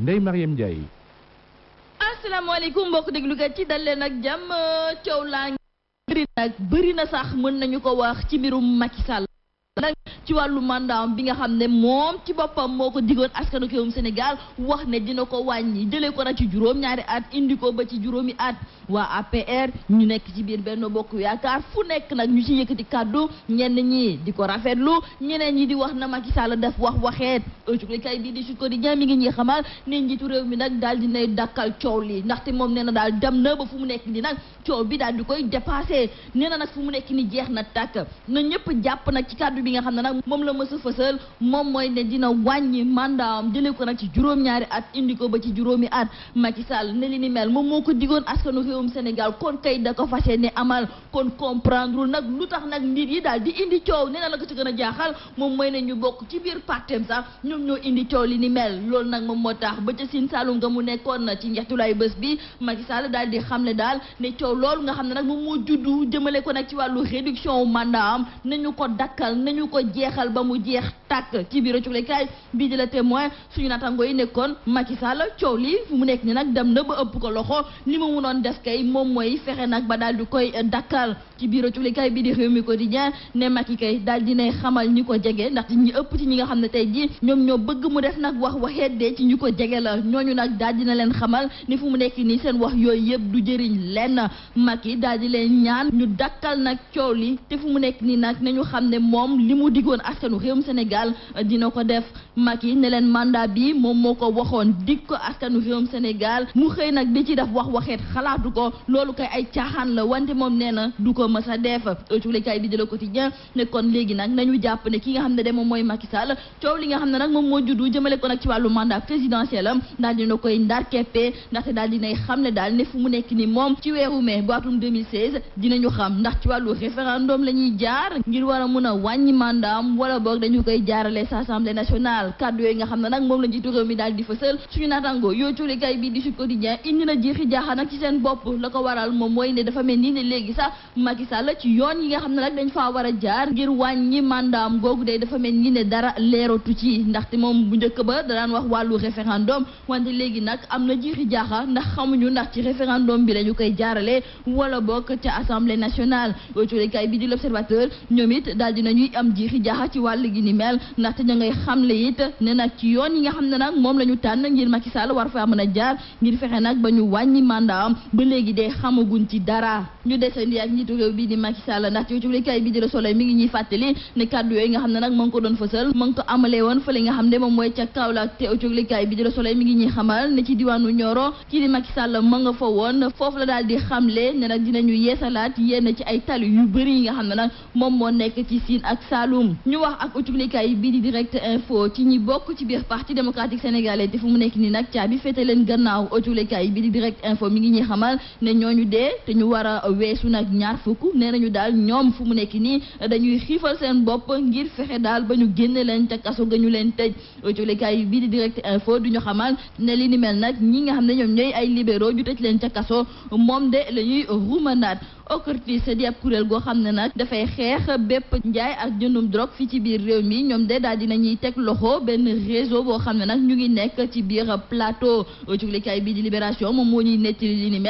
Ndey Mariam Ndiaye. asalaamaaleykum mbokk déglukat ci dal leen ak jàmm coow laa ngi bëri nag bëri na sax mën nañu ko wax ci mirum Macky Sall nag ci walu mandam bi nga xamne mom ci bopam moko ko askanu kewum Senegal, wax ne dina ko wàññi jëlee ko na ci ñaari at indi ko ba ci juróomi at wa APR ñu nek ci biir benno bokk yaakar fu nek nak ñu ci yëkëti cadeau ñen ñi di rafetlu ñeneen ñi di wax na Macky Sall def wax li kay bi di Sud di mi ngi xamal ne njiitu rew mi nag di dinay dakkal ciow li ndaxte mom nee na daal dem na ba fu mu nek ni nak ciow bi dal di koy dépasser neena na fu mu nek ni jeex na tak na ñëpp japp nag ci cadeau bi nga xam ne nag moom la mës a fësal moom mooy ne dina wàññi mandaam jëlee ko nag ci juróom-ñaari at indi ko ba ci juróomi at Macky Sall ne li ni mel moom moo ko digoon askanu réewum Sénégal kon kay da ko fas yéene amal kon comprendre nag lu tax nag nit yi daal di indi coow nee na la ci gën a jaaxal moom mooy ne ñu bokk ci biir partem sax ñoom ñoo indi coow li ni mel loolu nag moom moo tax ba ca Sine Saalum nga mu nekkoon na ci njeextulaay bés bi Macky Sall daal di xamle daal ne coow loolu nga xam ne nag moom moo juddu jëmale ko nag ci wàllu réduction mandat am nañu ko dakkal nañu ko jeexal ba mu jeex tàkk ci biir cukalikaay bii di la témoin suñu natango yi nekkoon Macky Sall coow li fu mu nekk ni nag dem na ba ëpp ko loxo li mu munoon def kay moom mooy fexe nag ba daal di koy dakkal ci biir cukalikaay bii di réew mi quotidien ne Macky kay daal nay xamal ñi ko jege ndax ñi ëpp ci ñi nga xam ne tey jii ñoom ñoo bëgg mu def nag wax waxeedee ci ñu ko jege la ñooñu nag daal dina leen xamal ni fu mu nekk ni seen wax yooyu yëpp du jëriñ lenn Macky daal di leen ñaan ñu dakkal nag coow li te fu mu nekk nii nag nañu xam ne moom li mu digoon askanu réewum Sénégal dina ko def Macky ne leen mandat bi moom moo ko waxoon dig ko askanu réewum Sénégal mu xëy nag di ci def wax waxeet xalaatu ko loolu kay ay caaxaan la wante moom nee na du ko mës a def cuglikayi di jële quotidien ne kon léegi nag nañu jàpp ne ki nga xam ne de moom mooy Macky li nga xam ne nag moom moo juddu jëmale ko nag ci wàllu mandat présidentiel am daal dina koy ndar keppee ndaxte daal dinay xam ne daal ne fu mu nekk ni moom ci weeru mai bu atum 2016 dinañu xam ndax ci wàllu référendum la ñuy jaar ngir war a mun a wàññi mandat am wala boog dañu koy jaarale sa assemblée nationale dal kaddu yi nga xamne nak mom moom la rew mi dal di fësal suñu naataango yoo gay bi di Sud Quotidien indi na jexi jaaxa nak ci sen bop la ko waral mom moy ne dafa melni ne léegi sax Macky Sall ci yoon yi nga xamne nak dañ fa wara jaar ngir wañi mandam googu day dafa melni ne dara leeratu ci ti mom bu ñëk ba daan wax walu référendum wante léegi nak amna na jiixi ndax xamuñu ndax ci référendum bi lañu koy jaarale wala bok ci assemblée nationale yoo gay bi di l'observateur ñomit dal di am jexi jaaxa ci walu gi ni mel ndax ñay xamle tamit ne nag ci yoon yi nga xam ne nag moom la tànn ngir Macky Sall war faa mën a jaar ngir fexe nag ba ñu wàññi mandat am ba léegi dee xamaguñ ci dara ñu desandi ak njiitu réew bii di Macky Sall ndax ci bi di ngi ñuy fàttali ne kàddu yooyu xam ne nag ma ngi ko doon fësal ma nga mooy bi di Le Soleil mi ngi ñuy xamal ne ci diwaanu Nioro kii di Macky Sall ma nga fa woon foofu la daal di xamle ne nag dinañu yeesalaat yenn ci ay tali yu bari yi nga xam ne nag moom moo nekk ci Sine ak Saloum ñu wax ak cublikaay bii di direct info ci ñi bokk ci biir parti démocratique sénégalais te fu mu nekk nii nag caabi féete leen gannaaw autolekaay bi di direct info mi ngi ñuy xamal ne ñoo ñu dee te ñu war a weesu nag ñaar fukk nee nañu daal ñoom fu mu nekk nii dañuy xiifal seen bopp ngir fexe daal ba ñu génne leen ca kaso ga ñu leen tëj autolekaay bi di direct info du ñu xamal ne li ni mel nag ñi nga xam ne ñoom ñooy ay libéraux ju tëj leen ca kaso moom de la ñuy naat OCRTIS di ab kuréel goo xam ne nag dafay xeex bépp njaay ak jëndum drogue fi ci biir réew mi ñoom de daal dinañuy teg loxo benn réseau boo xam ne nag ñu ngi nekk ci biir plateau juglikaay bi di libération moom moo ñuy netti li ni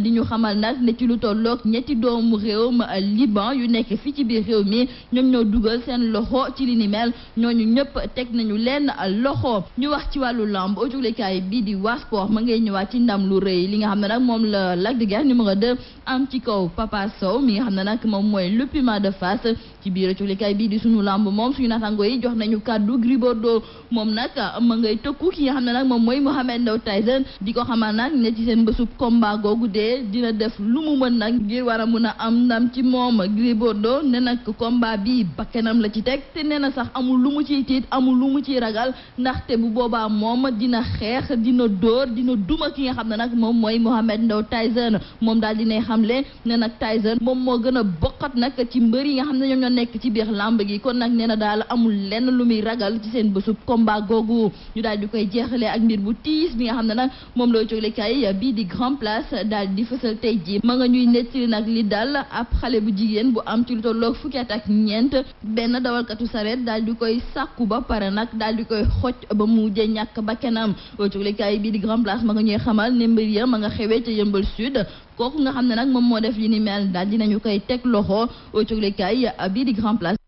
di ñu xamal nag ne ci lu tolloog ñetti doomu réewum Liban yu nekk fi ci biir réew mi ñoom ñoo dugal seen loxo ci linimel ni mel ñooñu ñëpp teg nañu leen loxo ñu wax ci wàllu lamb juglikaay bi di waa sport ma ngay ñëwaat ci ndam lu rëy li nga xam ne nag moom la Lac de Guiers numéro 2 am ci kaw Papa Sow mi nga xam ne nag moom mooy le piment de face ci biir cuglikaay bii di suñu lamb moom suñu natango yi jox nañu kàddu Gris moom nag ma ngay tëkku ki xam ne nag moom mooy Mohamed Ndao Tyson di ko xamal nag ne ci seen bésub combat googu dee dina def lu mu mën nag ngir war a mun a am ndam ci moom Gris Bordeaux ne nag combat bi bakkanam la ci teg te nee na sax amul lu mu ciy tiit amul lu mu ciy ragal ndaxte bu boobaa moom dina xeex dina dóor dina duma ki nga xam ne nag moom mooy Mohamed Ndao dinay xamle ne nag ak moom moo gën a bokkat nag ci mbër yi nga xam ne ñoom ñoo nekk ci biir làmb gi kon nag ne na daal amul lenn lu muy ragal ci seen bésub combat googu ñu daal di koy jeexalee ak mbir bu tiis bi nga xam ne nag moom loo jógle kay bii di grand place daal di fësal tey ji ma nga ñuy nettali nag li dal ab xale bu jigéen bu am ci lu tolloog ak ñeent benn dawalkatu sareet daal di koy sàkku ba pare nag daal di koy xoj ba mu mujjee ñàkk ba kenam loo jógle kay bii di grand ma nga ñuy xamal ne mbir ya ma nga xewee ca yëmbal sud kooku nga xam ne nag moom moo def li ni mel daal dinañu koy teg loxo coglekaay euh, bii di grand place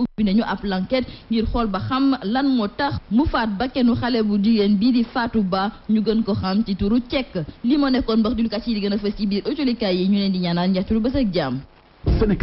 ubbi nañu ab lanket ngir xool ba xam lan moo tax mu faat ba bakkenu xale bu jigéen bii di faatu Ba ñu gën ko xam ci turu cekk li moo nekkoon mbax dulukat yi di gën a fës ci biir autolikaay yi ñu leen di ñaanal njaxtu lu bës ak jàmm